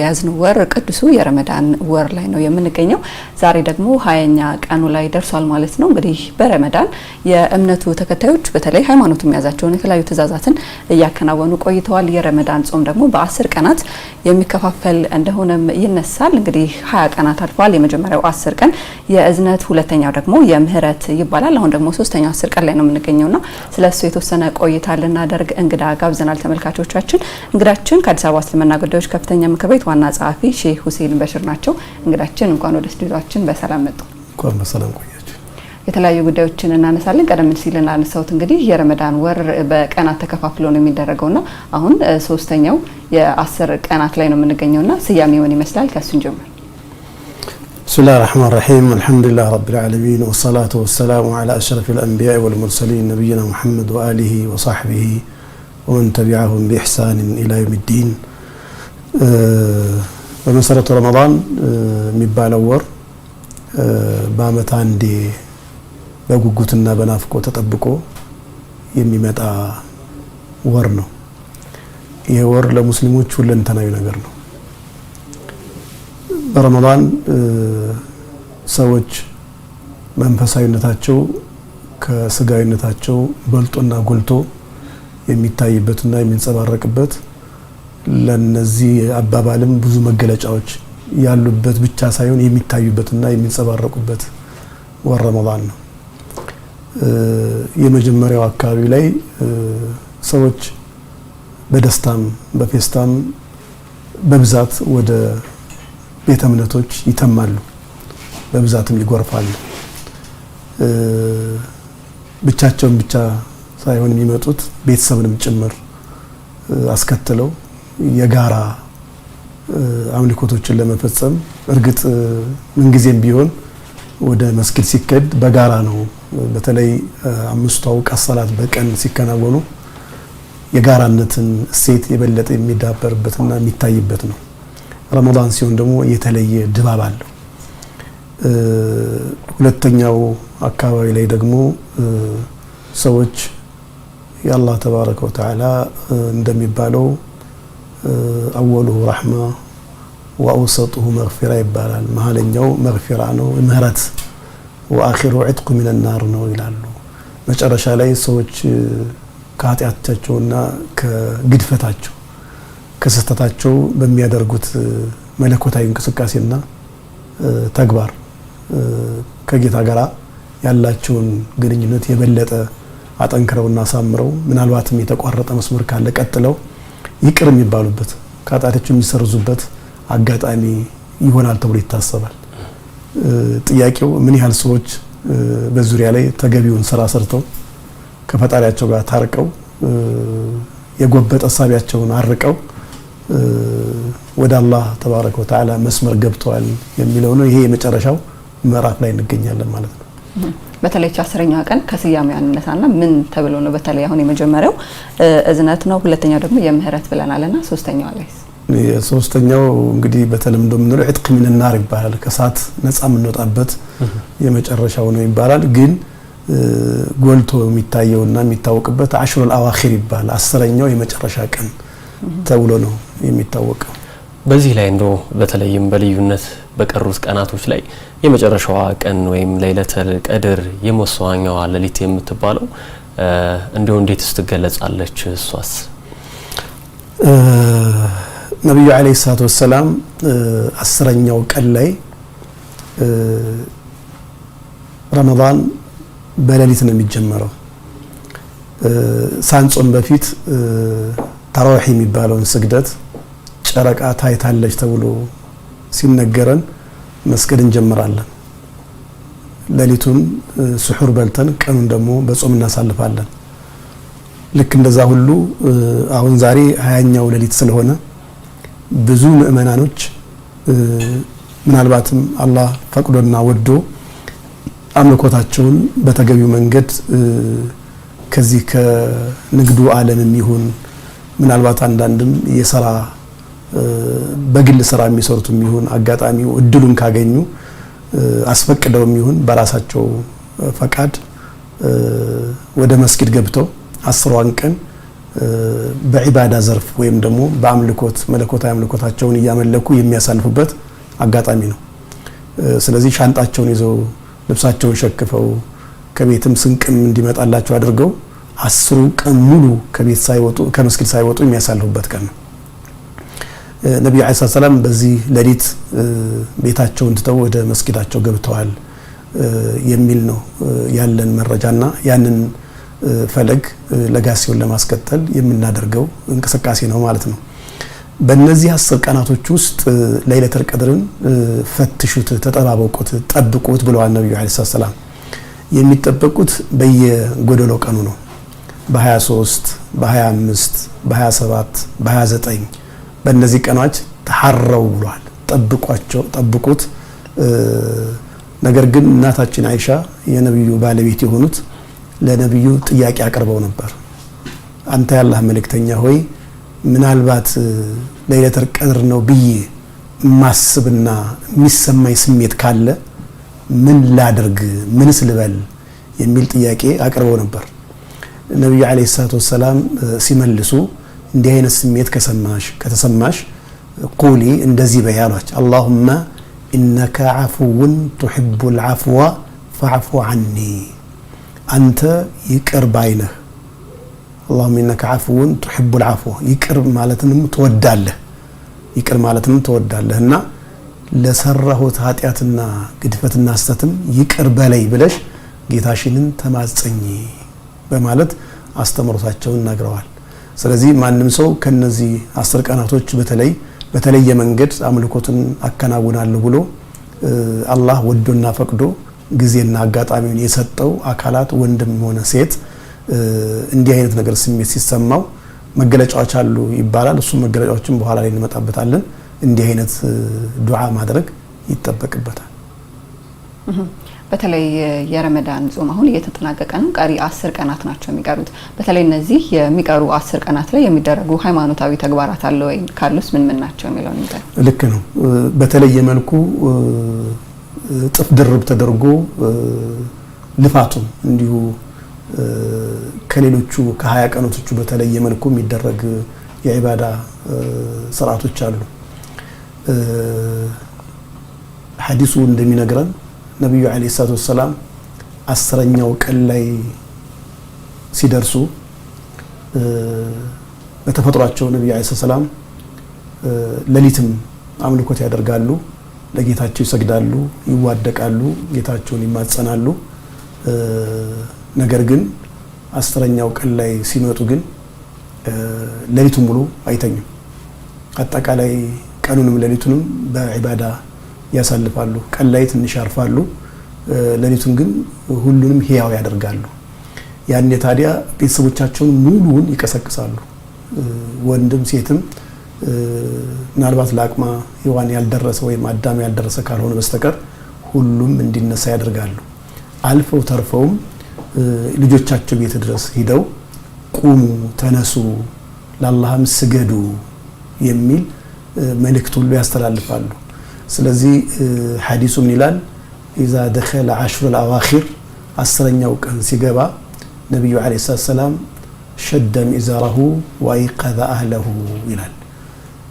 የያዝን ወር ቅዱሱ የረመዳን ወር ላይ ነው የምንገኘው። ዛሬ ደግሞ ሀያኛ ቀኑ ላይ ደርሷል ማለት ነው። እንግዲህ በረመዳን የእምነቱ ተከታዮች በተለይ ሃይማኖቱ የሚያዛቸውን የተለያዩ ትእዛዛትን እያከናወኑ ቆይተዋል። የረመዳን ጾም ደግሞ በአስር ቀናት የሚከፋፈል እንደሆነም ይነሳል። እንግዲህ ሀያ ቀናት አልፏል። የመጀመሪያው አስር ቀን የእዝነት፣ ሁለተኛው ደግሞ የምህረት ይባላል። አሁን ደግሞ ሶስተኛው አስር ቀን ላይ ነው ና ስለ እሱ የተወሰነ ቆይታ ልናደርግ እንግዳ ጋብዘናል። ተመልካቾቻችን እንግዳችን ከአዲስ አበባ እስልምና ጉዳዮች ከፍተኛ ምክር ቤት ዋና ጸሐፊ ሼህ ሁሴን በሽር ናቸው እንግዳችን። እንኳን ወደ ስቱዲዮችን በሰላም መጡ። እንኳን በሰላም ቆያችሁ። የተለያዩ ጉዳዮችን እናነሳለን። ቀደም ሲል እናነሳሁት እንግዲህ የረመዳን ወር በቀናት ተከፋፍሎ ነው የሚደረገው ና አሁን ሶስተኛው የአስር ቀናት ላይ ነው የምንገኘው ስያሜ ሆን ይመስላል ከእሱን ጀምር ብስሚላህ ራህማን ራሒም አልሐምዱሊላህ ረቢል ዓለሚን ወሰላቱ ወሰላሙ ዓላ አሽረፊል አንቢያ ወልሙርሰሊን ነቢይና ሙሐመድ ወአሊሂ ወሳሕቢሂ ወመን ተቢዐሁም ቢኢሕሳን ኢላ ዮውሚዲን በመሰረቱ ረመዳን የሚባለው ወር በአመት አንዴ በጉጉትና በናፍቆ ተጠብቆ የሚመጣ ወር ነው። ይሄ ወር ለሙስሊሞች ሁለንተናዊ ነገር ነው። በረመዳን ሰዎች መንፈሳዊነታቸው ከስጋዊነታቸው በልጦና ጎልቶ የሚታይበትና የሚንጸባረቅበት ለነዚህ አባባልም ብዙ መገለጫዎች ያሉበት ብቻ ሳይሆን የሚታዩበትና የሚንጸባረቁበት ወር ረመዳን ነው። የመጀመሪያው አካባቢ ላይ ሰዎች በደስታም በፌስታም በብዛት ወደ ቤተ እምነቶች ይተማሉ፣ በብዛትም ይጎርፋሉ። ብቻቸውን ብቻ ሳይሆን የሚመጡት ቤተሰብንም ጭምር አስከትለው የጋራ አምልኮቶችን ለመፈጸም እርግጥ ምንጊዜም ቢሆን ወደ መስጊድ ሲከድ በጋራ ነው። በተለይ አምስቱ አውቃት ሰላት በቀን ሲከናወኑ የጋራነትን እሴት የበለጠ የሚዳበርበትና የሚታይበት ነው። ረመዳን ሲሆን ደግሞ የተለየ ድባብ አለው። ሁለተኛው አካባቢ ላይ ደግሞ ሰዎች የአላህ ተባረከ ወተዓላ እንደሚባለው አወሉሁ ረሕማ ወአውሰጡሁ መግፊራ ይባላል። መሀለኛው መግፊራ ነው ምህረት፣ ወአኺሩ ዕጥቁ ሚነናር ነው ይላሉ። መጨረሻ ላይ ሰዎች ከኃጢአታቸውና ከግድፈታቸው ከስህተታቸው በሚያደርጉት መለኮታዊ እንቅስቃሴና ተግባር ከጌታ ጋር ያላቸውን ግንኙነት የበለጠ አጠንክረውና አሳምረው ምናልባትም የተቋረጠ መስመር ካለ ቀጥለው ይቅር የሚባሉበት ከኃጢአታቸው የሚሰርዙበት አጋጣሚ ይሆናል ተብሎ ይታሰባል። ጥያቄው ምን ያህል ሰዎች በዙሪያ ላይ ተገቢውን ስራ ሰርተው ከፈጣሪያቸው ጋር ታርቀው የጎበጠ ሳቢያቸውን አርቀው ወደ አላህ ተባረከ ወተዓላ መስመር ገብተዋል የሚለው ነው። ይሄ የመጨረሻው ምዕራፍ ላይ እንገኛለን ማለት ነው። በተለይ አስረኛዋ ቀን ከስያሜ ያነሳና ምን ተብሎ ነው? በተለይ አሁን የመጀመሪያው እዝነት ነው፣ ሁለተኛው ደግሞ የምህረት ብለናልና ሶስተኛው ላይስ? የሶስተኛው እንግዲህ በተለምዶ የምንለው ዕጥቅ ሚን ናር ይባላል፣ ከእሳት ነጻ የምንወጣበት የመጨረሻው ነው ይባላል። ግን ጎልቶ የሚታየውና የሚታወቅበት አሽሩል አዋኺር ይባላል፣ አስረኛው የመጨረሻ ቀን ተብሎ ነው የሚታወቀው። በዚህ ላይ እንደው በተለይም በልዩነት በቀሩት ቀናቶች ላይ የመጨረሻዋ ቀን ወይም ለይለተል ቀድር የመሰዋኛዋ ሌሊት የምትባለው እንዲሁ እንዴት ትገለጻለች? እሷስ ነቢዩ ዓለይሂ ሰላቱ ወሰላም አስረኛው ቀን ላይ ረመዳን በሌሊት ነው የሚጀመረው። ሳንጾም በፊት ተራዊሕ የሚባለውን ስግደት ጨረቃ ታይታለች ተብሎ ሲነገረን መስገድ እንጀምራለን። ሌሊቱን ስሑር በልተን ቀኑን ደግሞ በጾም እናሳልፋለን። ልክ እንደዛ ሁሉ አሁን ዛሬ ሀያኛው ሌሊት ስለሆነ ብዙ ምእመናኖች ምናልባትም አላህ ፈቅዶና ወዶ አምልኮታቸውን በተገቢው መንገድ ከዚህ ከንግዱ አለም የሚሆን ምናልባት አንዳንድም የሰራ በግል ስራ የሚሰሩት የሚሆን አጋጣሚው እድሉን ካገኙ አስፈቅደው የሚሆን በራሳቸው ፈቃድ ወደ መስጊድ ገብተው አስሯን ቀን በዒባዳ ዘርፍ ወይም ደግሞ በአምልኮት መለኮታዊ አምልኮታቸውን እያመለኩ የሚያሳልፉበት አጋጣሚ ነው። ስለዚህ ሻንጣቸውን ይዘው ልብሳቸውን ሸክፈው ከቤትም ስንቅም እንዲመጣላቸው አድርገው አስሩ ቀን ሙሉ ከቤት ሳይወጡ ከመስጊድ ሳይወጡ የሚያሳልፉበት ቀን ነው። ነቢዩ ዐለይሂ ሰላም በዚህ ሌሊት ቤታቸውን ትተው ወደ መስጊዳቸው ገብተዋል የሚል ነው ያለን መረጃና ያንን ፈለግ ለጋሴውን ለማስቀጠል የምናደርገው እንቅስቃሴ ነው ማለት ነው። በእነዚህ አስር ቀናቶች ውስጥ ለይለተል ቀድርን ፈትሹት፣ ተጠባበቁት፣ ጠብቁት ብለዋል ነቢዩ ዐለይሂ ሰላም። የሚጠበቁት በየጎደሎ ቀኑ ነው በ23 በ25 በ27 በ29 በእነዚህ ቀኖች ተሐረው ብሏል። ጠብቋቸው፣ ጠብቁት። ነገር ግን እናታችን አይሻ የነብዩ ባለቤት የሆኑት ለነብዩ ጥያቄ አቅርበው ነበር። አንተ ያላህ መልእክተኛ ሆይ ምናልባት ለይለተል ቀድር ነው ብዬ ማስብና የሚሰማኝ ስሜት ካለ ምን ላድርግ፣ ምንስ ልበል የሚል ጥያቄ አቅርበው ነበር። ነቢዩ ዓለይሂ ሰላቱ ወሰላም ሲመልሱ እንዲህ አይነት ስሜት ከሰማሽ ከተሰማሽ ቁሊ እንደዚህ በይ አሏች። አላሁመ ኢነከ ዓፉውን ቱሕቡ ልዓፍዋ ፈዕፉ ዓኒ አንተ ይቅር ባይነህ አላሁመ ኢነከ ዓፉውን ቱሕቡ ልዓፍዋ ይቅር ማለትንም ትወዳለህ ይቅር ማለትንም ትወዳለህ እና ለሰራሁት ኃጢአትና ግድፈትና ስተትም ይቅር በለይ ብለሽ ጌታሽንን ተማጸኝ በማለት አስተምሮታቸውን ነግረዋል። ስለዚህ ማንም ሰው ከነዚህ አስር ቀናቶች በተለይ በተለየ መንገድ አምልኮትን አከናውናለሁ ብሎ አላህ ወዶና ፈቅዶ ጊዜና አጋጣሚውን የሰጠው አካላት ወንድም ሆነ ሴት እንዲህ አይነት ነገር ስሜት ሲሰማው መገለጫዎች አሉ ይባላል። እሱም መገለጫዎችን በኋላ ላይ እንመጣበታለን። እንዲህ አይነት ዱዓ ማድረግ ይጠበቅበታል። በተለይ የረመዳን ጾም አሁን እየተጠናቀቀ ነው። ቀሪ አስር ቀናት ናቸው የሚቀሩት። በተለይ እነዚህ የሚቀሩ አስር ቀናት ላይ የሚደረጉ ሃይማኖታዊ ተግባራት አለ ወይ? ካሉስ ምን ምን ናቸው የሚለውን ንገር። ልክ ነው። በተለየ መልኩ ጥፍ ድርብ ተደርጎ ልፋቱም እንዲሁ ከሌሎቹ ከሀያ ቀኖቶቹ በተለየ መልኩ የሚደረግ የኢባዳ ስርዓቶች አሉ። ሐዲሱ እንደሚነግረን ነቢዩ ዓለይሂ ሰላቱ ወሰላም አስረኛው ቀን ላይ ሲደርሱ በተፈጥሯቸው ነቢዩ ዓለይሂ ሰላቱ ሌሊትም አምልኮት ያደርጋሉ፣ ለጌታቸው ይሰግዳሉ፣ ይዋደቃሉ፣ ጌታቸውን ይማጸናሉ። ነገር ግን አስረኛው ቀን ላይ ሲመጡ ግን ሌሊቱን ሙሉ አይተኙም። አጠቃላይ ቀኑንም ሌሊቱንም በዒባዳ ያሳልፋሉ። ቀን ላይ ትንሽ ያርፋሉ፣ ሌሊቱን ግን ሁሉንም ህያው ያደርጋሉ። ያኔ ታዲያ ቤተሰቦቻቸውን ሙሉውን ይቀሰቅሳሉ። ወንድም ሴትም ምናልባት ለአቅማ ሔዋን ያልደረሰ ወይም አዳም ያልደረሰ ካልሆነ በስተቀር ሁሉም እንዲነሳ ያደርጋሉ። አልፈው ተርፈውም ልጆቻቸው ቤት ድረስ ሂደው ቁሙ፣ ተነሱ፣ ለአላህም ስገዱ የሚል መልእክት ሁሉ ያስተላልፋሉ። ስለዚህ ሐዲሱ ምን ይላል? ኢዛ ደኸለ አሽሩል አዋኺር አስረኛው ቀን ሲገባ ነቢዩ ዓለይሂ ሰላቱ ሰላም ሸደ ሚእዛራሁ ወአይቀዘ አህለሁ ይላል።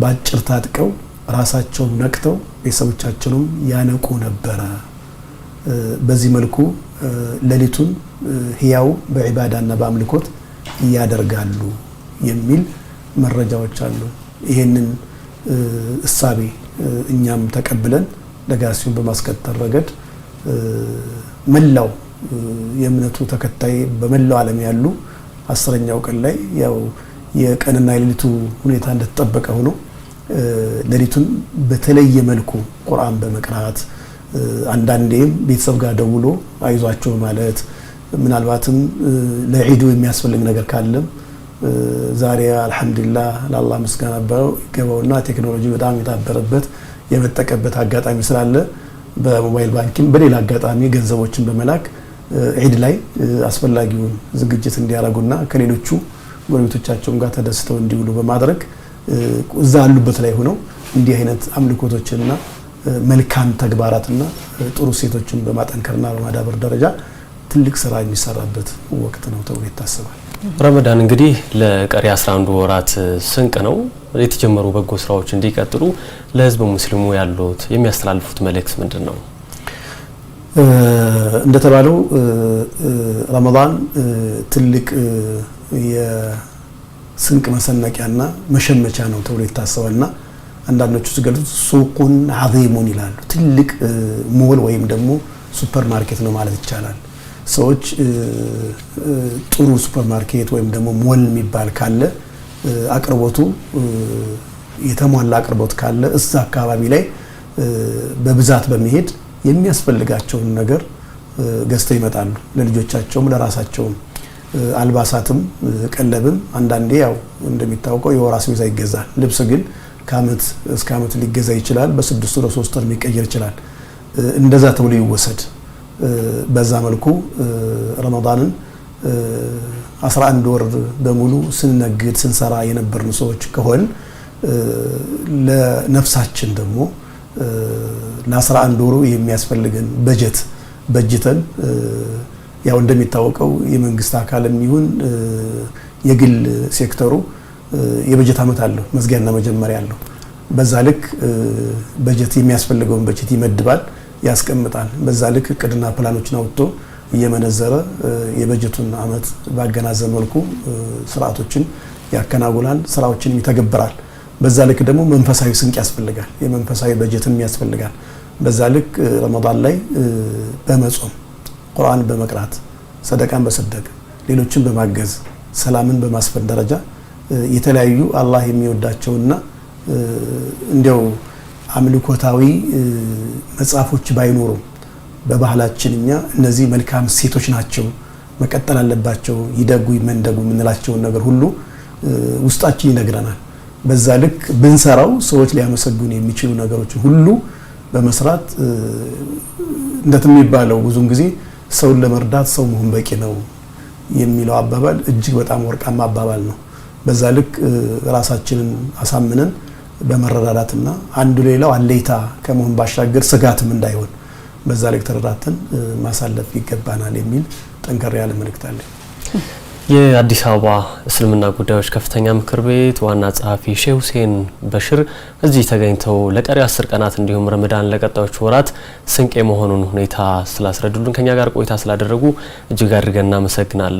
በአጭር ታጥቀው ራሳቸውን ነቅተው ቤተሰቦቻቸውንም ያነቁ ነበረ። በዚህ መልኩ ሌሊቱን ህያው በዒባዳና በአምልኮት እያደርጋሉ የሚል መረጃዎች አሉ። ይህንን እሳቤ እኛም ተቀብለን ለጋሲውን በማስከተል ረገድ መላው የእምነቱ ተከታይ በመላው ዓለም ያሉ አስረኛው ቀን ላይ ያው የቀንና የሌሊቱ ሁኔታ እንደተጠበቀ ሆኖ ሌሊቱን በተለየ መልኩ ቁርአን በመቅራት አንዳንዴም ቤተሰብ ጋር ደውሎ አይዟቸው ማለት ምናልባትም ለዒዱ የሚያስፈልግ ነገር ካለም ዛሬ አልሐምዱላ ለአላህ ምስጋና ነበረው ይገባውና ቴክኖሎጂ በጣም የታበረበት የመጠቀበት አጋጣሚ ስላለ በሞባይል ባንኪንግ በሌላ አጋጣሚ ገንዘቦችን በመላክ ዒድ ላይ አስፈላጊውን ዝግጅት እንዲያደርጉና ከሌሎቹ ጎረቤቶቻቸውን ጋር ተደስተው እንዲውሉ በማድረግ እዛ ያሉበት ላይ ሆነው እንዲህ አይነት አምልኮቶችንና መልካም ተግባራትና ጥሩ ሴቶችን በማጠንከርና በማዳበር ደረጃ ትልቅ ስራ የሚሰራበት ወቅት ነው ተብሎ ይታሰባል። ረመዳን እንግዲህ ለቀሪ 11 ወራት ስንቅ ነው። የተጀመሩ በጎ ስራዎች እንዲቀጥሉ ለህዝብ ሙስሊሙ ያሉት የሚያስተላልፉት መልእክት ምንድን ነው? እንደተባለው ረመዳን ትልቅ የስንቅ መሰነቂያና መሸመቻ ነው ተብሎ ይታሰባልና አንዳንዶቹ ሲገልጹት ሱቁን አዚሙን ይላሉ። ትልቅ ሞል ወይም ደግሞ ሱፐር ማርኬት ነው ማለት ይቻላል። ሰዎች ጥሩ ሱፐርማርኬት ወይም ደግሞ ሞል የሚባል ካለ አቅርቦቱ የተሟላ አቅርቦት ካለ እዛ አካባቢ ላይ በብዛት በመሄድ የሚያስፈልጋቸውን ነገር ገዝተው ይመጣሉ። ለልጆቻቸውም ለራሳቸውም አልባሳትም፣ ቀለብም አንዳንዴ ያው እንደሚታወቀው የወር አስቤዛ ይገዛል። ልብስ ግን ከአመት እስከ አመት ሊገዛ ይችላል። በስድስቱ ሶስት ወር ሊቀየር ይችላል። እንደዛ ተብሎ ይወሰድ። በዛ መልኩ ረመዳንን 11 ወር በሙሉ ስንነግድ ስንሰራ የነበርን ሰዎች ከሆን ለነፍሳችን ደግሞ ለ11 ወሩ የሚያስፈልገን በጀት በጅተን ያው እንደሚታወቀው የመንግስት አካልም ይሁን የግል ሴክተሩ የበጀት ዓመት አለው፣ መዝጊያና መጀመሪያ አለው። በዛ ልክ በጀት የሚያስፈልገውን በጀት ይመድባል። ያስቀምጣል። በዛ ልክ እቅድና ፕላኖችን አውጥቶ እየመነዘረ የበጀቱን አመት ባገናዘብ መልኩ ስርዓቶችን ያከናውናል፣ ስራዎችንም ይተገብራል። በዛ ልክ ደግሞ መንፈሳዊ ስንቅ ያስፈልጋል፣ የመንፈሳዊ በጀትም ያስፈልጋል። በዛ ልክ ረመዳን ላይ በመጾም ቁርአን በመቅራት ሰደቃን በሰደቅ ሌሎችን በማገዝ ሰላምን በማስፈን ደረጃ የተለያዩ አላህ የሚወዳቸውና እንዲያው አምልኮታዊ መጽሐፎች ባይኖሩም በባህላችን እኛ እነዚህ መልካም ሴቶች ናቸው መቀጠል አለባቸው ይደጉ ይመንደጉ የምንላቸውን ነገር ሁሉ ውስጣችን ይነግረናል። በዛ ልክ ብንሰራው ሰዎች ሊያመሰግኑ የሚችሉ ነገሮች ሁሉ በመስራት እንደት የሚባለው ብዙን ጊዜ ሰውን ለመርዳት ሰው መሆን በቂ ነው የሚለው አባባል እጅግ በጣም ወርቃማ አባባል ነው። በዛ ልክ ራሳችንን አሳምነን በመረዳዳትና አንዱ ሌላው አለይታ ከመሆን ባሻገር ስጋትም እንዳይሆን በዛ ላይ ተረዳተን ማሳለፍ ይገባናል የሚል ጠንከር ያለ መልእክት አለ። የአዲስ አበባ እስልምና ጉዳዮች ከፍተኛ ምክር ቤት ዋና ጸሐፊ ሼህ ሁሴን በሽር እዚህ ተገኝተው ለቀሪ አስር ቀናት እንዲሁም ረመዳን ለቀጣዮች ወራት ስንቅ የመሆኑን ሁኔታ ስላስረዱልን ከኛ ጋር ቆይታ ስላደረጉ እጅግ አድርገን እናመሰግናለን።